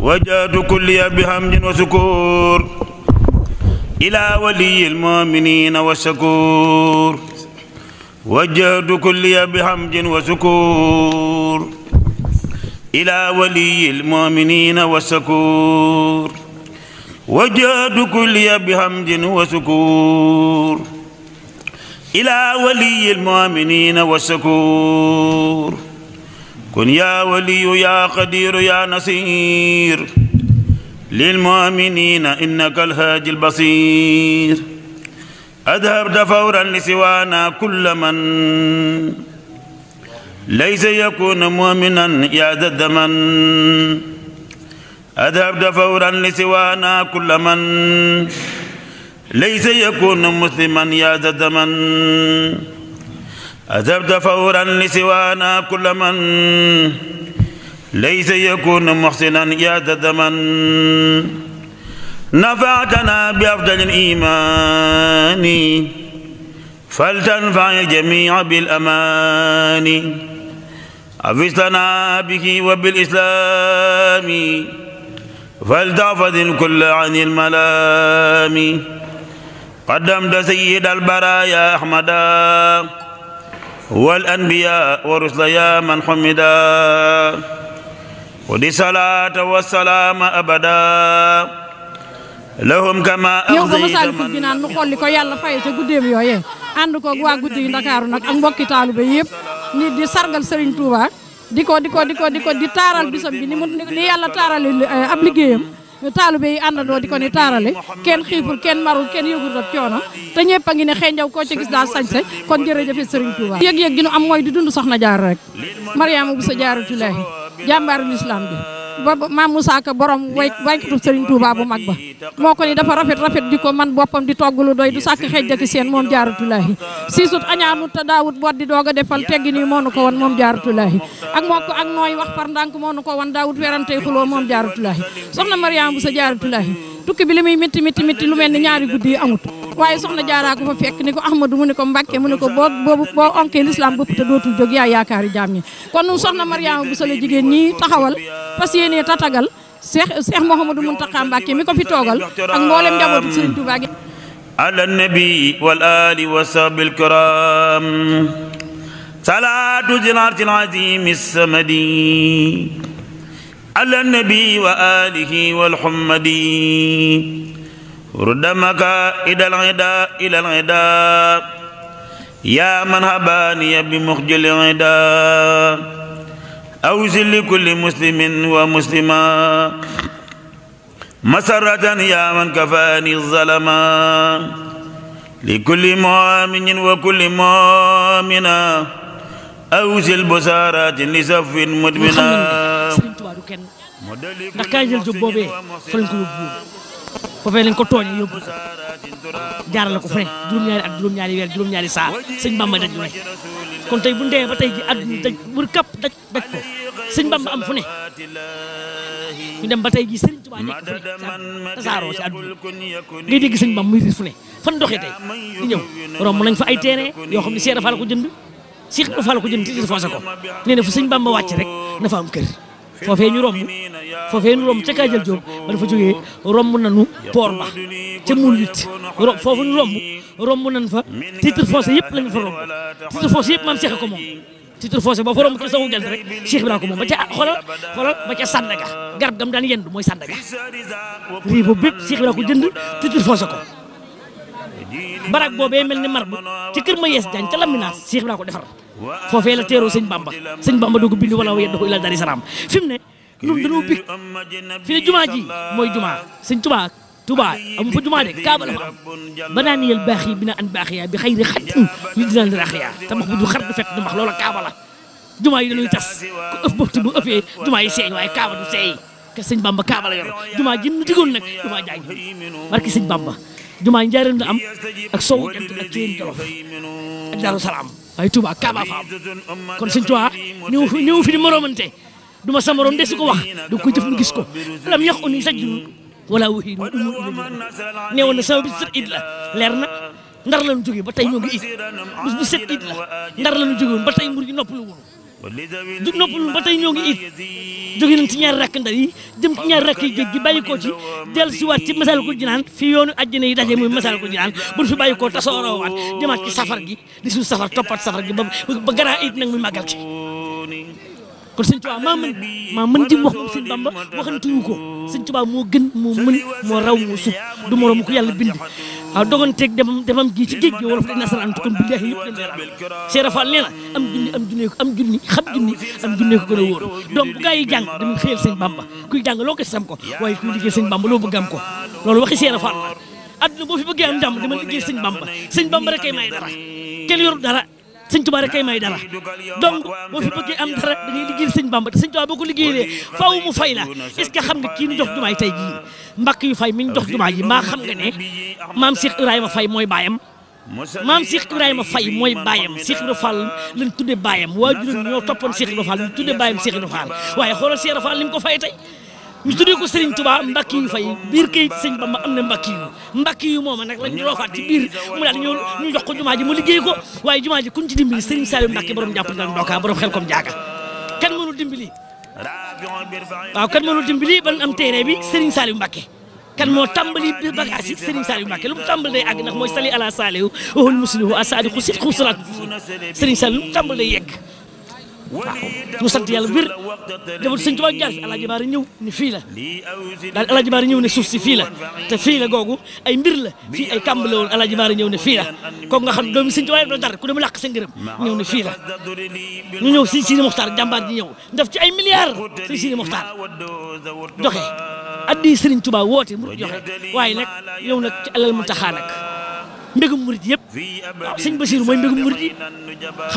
wajaatu kulliya bihamdin wa sukur ila waliyil muminina wa shakur wajaatu kulliya bihamdin wa sukur ila waliyil muminina wa shakur wajaatu kulliya bihamdin wa sukur ila waliyil muminina wa shakur كن يا ولي يا قدير يا نصير للمؤمنين إنك الهادي البصير أذهبت فورا لسوانا كل من ليس يكون مؤمنا يا ذا من أذهبت فورا لسوانا كل من ليس يكون مسلما يا ذا من أذبت فورا لسوانا كل من ليس يكون محسنا يا دمن نفعتنا بأفضل الإيمان فلتنفع الجميع بالأمان أفزتنا به وبالإسلام فلتحفظ الكل عن الملام قدمت سيد البرايا أحمدا والأنبياء ورسل يا من حمدا ودي صلاة والسلام أبدا لهم كما أمضي زمن ñu xool li ko yàlla fay ca guddeem yooyee ànd ko waa guddi yu Ndakaaru nag ak mbokki taalibe yëpp nit di sargal Serigne Touba di ko di ko di ko di ko di taaral bisam bi ni mu ni yàlla taarale eh, ab liggéeyam ñu taalibe yi àndandoo di ko ni taarale kenn xiiful kenn marul kenn yëgul ab coono te ñëpp a ngi ne koo ci gis daal sañse kon jërëjëfe Serigne Touba yëg-yëg gi ñu am mooy di dund soxna jaar rek Mariama sa Jaaratullaahi jàmbaaru lislaam bi ba maam mu Ka borom way waykatub Serigne Touba bu mag ba moo ko ni dafa rafet rafet di ko man boppam di togg lu doy du sàkk xejj ak seen moom jaaratulaahi siisut añaanut te daawut boot di doog a defal teggi nii moo nu ko won moom jaaratulaahi ak mokk ak nooy wax par ndànk moo nu ko won daawut werante xuloo moom jaaratulaahi soxna Mariama bu sa jaaratulaahi tukki bi li muy métti métti métti lu mel ni ñaari guddi yi amut waaye soxna jaaraa ko fekk ni ko ahmadou mu ne ko mbàkke mu ne ko boo boobu boo onkee lislaam bëpp te dootul jóg yaa yaakaar yi jaam ñi kon soxna mariama bu sala jigéen ñi taxawal fas yéenee tatagal cheikh cheikh mouhamadou muntaqa mbàkke mi ko fi toogal ak mboolem njabootu sëriñ tuubaa gi ala nabi wal ali wa sahbil kiram salaatu jinaar ci azim samadi على النبي وآله والحمدي رد مكائد العدا إلى العدا يا من هباني بمخجل العدا أوزل لكل مسلم ومسلمة مسرة يا من كفاني الظلما لكل مؤمن وكل مؤمنة أوزل بسارات لسف مدمنة ndax kaay jël jóg boobee fa lañ ko yóbbu buur ko tooñee yóbbu ko jaarale ko fee juróom-ñaari ak juróom-ñaari weer juróom-ñaari saa sëñ bamba daj lu kon tey bu ndee ba tey ji àdduna daj wër kapp daj daj ko sëñ bamba am fu ne ñu dem ba tey ji sëriñ Tuubaa nekk fu ne tasaaroo si àdduna ngay dégg sëñ bamba muy riir fan doxee tey di ñëw romb nañ fa ay terrain yoo xam ne seera faa la ko jënd Seex Ibra Faal ko jënd ti di foncé ko nee na fu bamba wàcc rek na fa am kër foofee ñu romb foofee ñu romb ca Kaajal Diop ba dafa jógee romb nañu port ba ca muul wit ro foofu ñu romb romb nañ fa titre foncier yëpp lañ fa romb titre foncier yëpp maam Cheikh ko moom titre foncier ba fa romb kër Sango Gent rek Cheikh Ibrahima ko moom ba ca Sandaga garab gam daan yendu mooy Sandaga rii boobu bépp Cheikh ko jënd titre foncier ko barak boobee mel ni mar bu ci kër ma yees jaan ca laminaas Cheikh Ibra ko defar foofee la teeroo sëñ Bamba sëñ Bamba doo ko bindi wala yeddu ko ila dari salaam fi mu ne ñun dañoo bik fi ne jumaa ji mooy jumaa sëñ Tuubaa Touba amu fa jumaa de Kaaba la fa am ba naan yel baax yi bi na jumaa yi dañuy tas ku ëf bopp bu ëfee jumaa yi seey waaye Kaaba du seey ka sëñ jumaa ji mu digoon nag Bamba. jumaay njaareem am ak sowu jant ak jéem jolof ak daaru salaam ay Touba ak Kaaba fa am kon sëñ Touba ñëw fi ñëw fi di moromante du ma sa de su ko wax da ko jëf nu gis ko lam yax uni sa jul wala waxi mu umu neewoon na sama bi set it la leer na ndar la ñu jógee ba tey ñoo ngi it bis bi set it la ndar la ñu jógee ba tey mbir gi noppalu wuñu jug noppalul ba tey ñoo ngi it jóge nañ ci ñaar rakk ndar yi jëm ci ñaar rakk yi géej gi bàyyi koo ci dellu si waat ci Masaalikul fi fii yoonu àjjana yi daje muy Masaalikul Jinaan buñ fi bàyyi koo tasooroo waat demaat ci safar gi di suñu safar toppaat safar gi ba ba garaa it nag muy ma ci kon sëñ Tuubaa maa mën maa mën di wax ko sëñ Tuubaa moo gën moo mën moo raw moo sub du moroom ko yàlla bind waaw ah, doganteeg demam demam gii ci géej gi wolof kon billaahi yëpp dañ koy laal Cheikh Rafal nee am junni am junni xam junni am junne ko gën a wóor donc bu gaa yi jàng dañuy xëyal Bamba loo ko sam ko waaye kuy liggéey sëñ Bamba loo bëgg am ko loolu waxi Cheikh Rafal adduna boo fi bëggee am ndam dama liggéey sëñ Bamba sëñ Bamba rek kay may dara kenn yoru dara sëñ Tuubaa rek kay may dara donc boo fi bëggee am dara da ngay liggéey sëñ Bamba te sëñ Tuubaa boo ko liggéeyee faaw mu fay la est ce xam nga kii ñu mbakk yu fay mi ñu dox jumaa ji maa xam nga ne maam Cheikh Ibrahima Faye mooy baayam maam Cheikh Ibrahima Faye mooy baayam Cheikh Ibra Fall lañ tudde baayam waajuram ñoo toppoon Cheikh Ibra Fall ñu tudde baayam Cheikh Ibra Fall waaye xoolal Cheikh Ibra Fall li mu ko fay tey ñu tuddee ko Serigne Touba mbakki yu fay biir kayit sëñ Bamba am na mbakki yu mbakki yu mooma nag lañ roofaat ci biir mu daal ñoo ñu jox ko jumaa ji mu liggéey ko waaye jumaa ji kuñ ci dimbali Serigne Saliou Mbacke borom jàpp ndal ndoka borom xel kom jaaga kan waaw kan moo doon dimbali ban am terrain bi Serigne Saliou Mbacké kan moo tàmbali bi bagaas yi Serigne Saliou Mbacké lu mu tàmbali day àgg ndax mooy sali ala salihu waxul muslihu asadiqu sidqu salaat Serigne Saliou lu mu yegg waaw ñu sant yàlla wér jabatu sëñ Tuubaa jaar fi alaaji baara ñëw ne fii la daal alaaji baara ñëw suuf si fii la te fii la googu ay mbir la fii ay kàmb la woon alaaji baara ñëw ne fii la kooku nga xam ne doomi sëñ Tuubaa doo dara ku dem làq sa ngërëm ñëw ne fii la ñu ñëw sëñ Sidi Moxtaar jàmbaar ji ñëw def ci ay milliards sëñ Sidi Moxtaar joxe addi sëriñ Tuubaa woote mu joxe waaye nag yow nag ci alal mu taxaa nag mbégum murid yëpp waaw sëñ Basiru mooy mbégum murid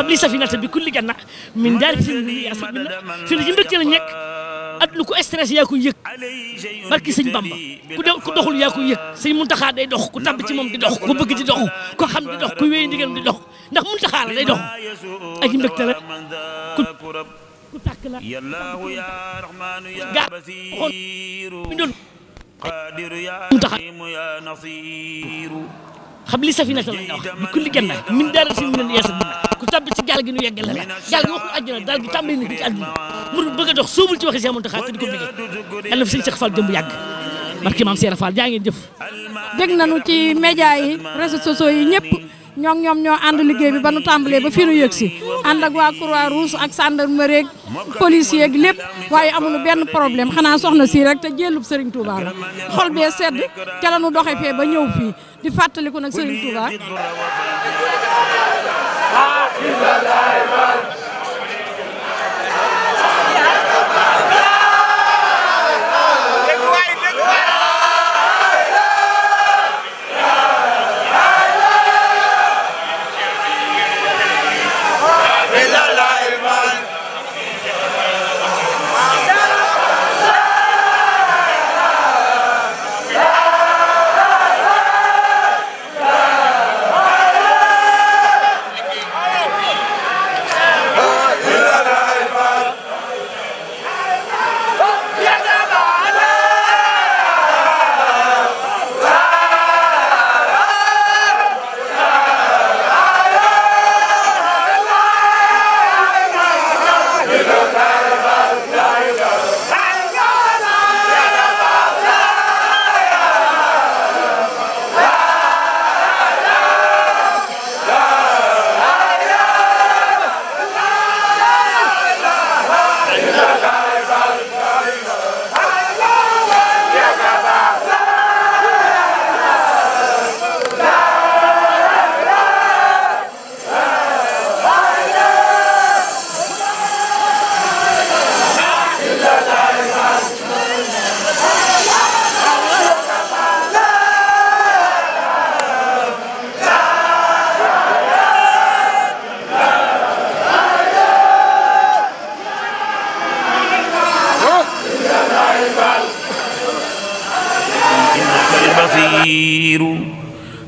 yi safinata bi kulli janna min daari fi li asal min fi li ci mbégte la nekk at lu ko stress yaa koy yëg barki sëñ Bamba ku doxul yaa koy yëg sëñ Muntaxa day dox ku tabb ci moom di dox ku bëgg di dox ko xam di dox ku wéy ndigal di dox ndax Muntaxa la day dox ak mbégte la ku ku tàkk la gaa xool mi doon Muntaxa xam li safinata lañ la wax bi kulli ganna min daara si minen yeesa bi ku tàbbi ci gi nu yeggal la gaal gi waxul àjjana daal gi tàmbali na ci àdduna mu dox soobul ci waxi si amoon taxaa di ko bëggee yàlla fi sëñ Cheikh Fall jëmb yàgg barki maam Seera Fall jaa ngeen jëf dégg nañu ci média yi réseaux sociaux ñoo ñoom ñoo ànd liggéey bi ba nu tàmbalee ba fi nu yëg si ànd ak waa croix rouge ak gendarmerie ak policier ak lépp waaye amuñu benn problème xanaa soxna si rek te jéllub Serigne Touba la xol bee sedd ca la nu doxe fee ba ñëw fi di fàttaliku nag Serigne Touba.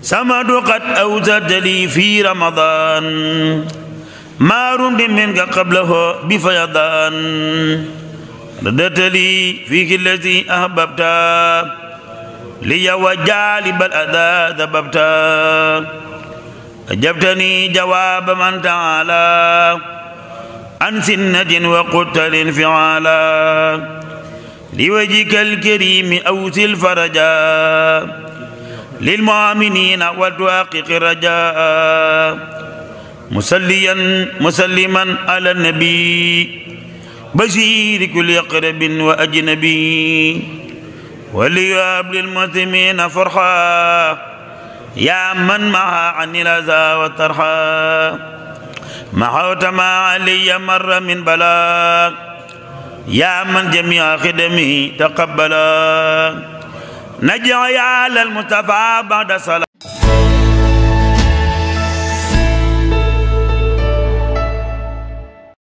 سمد قد أوزد لي في رمضان ما رمت منك قبله بفيضان ردت لي فيك الذي أحببت لي وجالب الأذى ذببت أجبتني جواب من تعالى عن سنة وقلت لانفعالا لوجهك الكريم أوسي الفرجا للمؤمنين وتحقق رجاء مسليا مسلما على النبي بشير كل قرب وأجنبي ولياب للمسلمين فرحا يا من معها عن الأذى والترحى محوت ما علي مر من بلاء يا من جميع خدمي تقبلا najaa yàlla al Mustafa ba'da salaam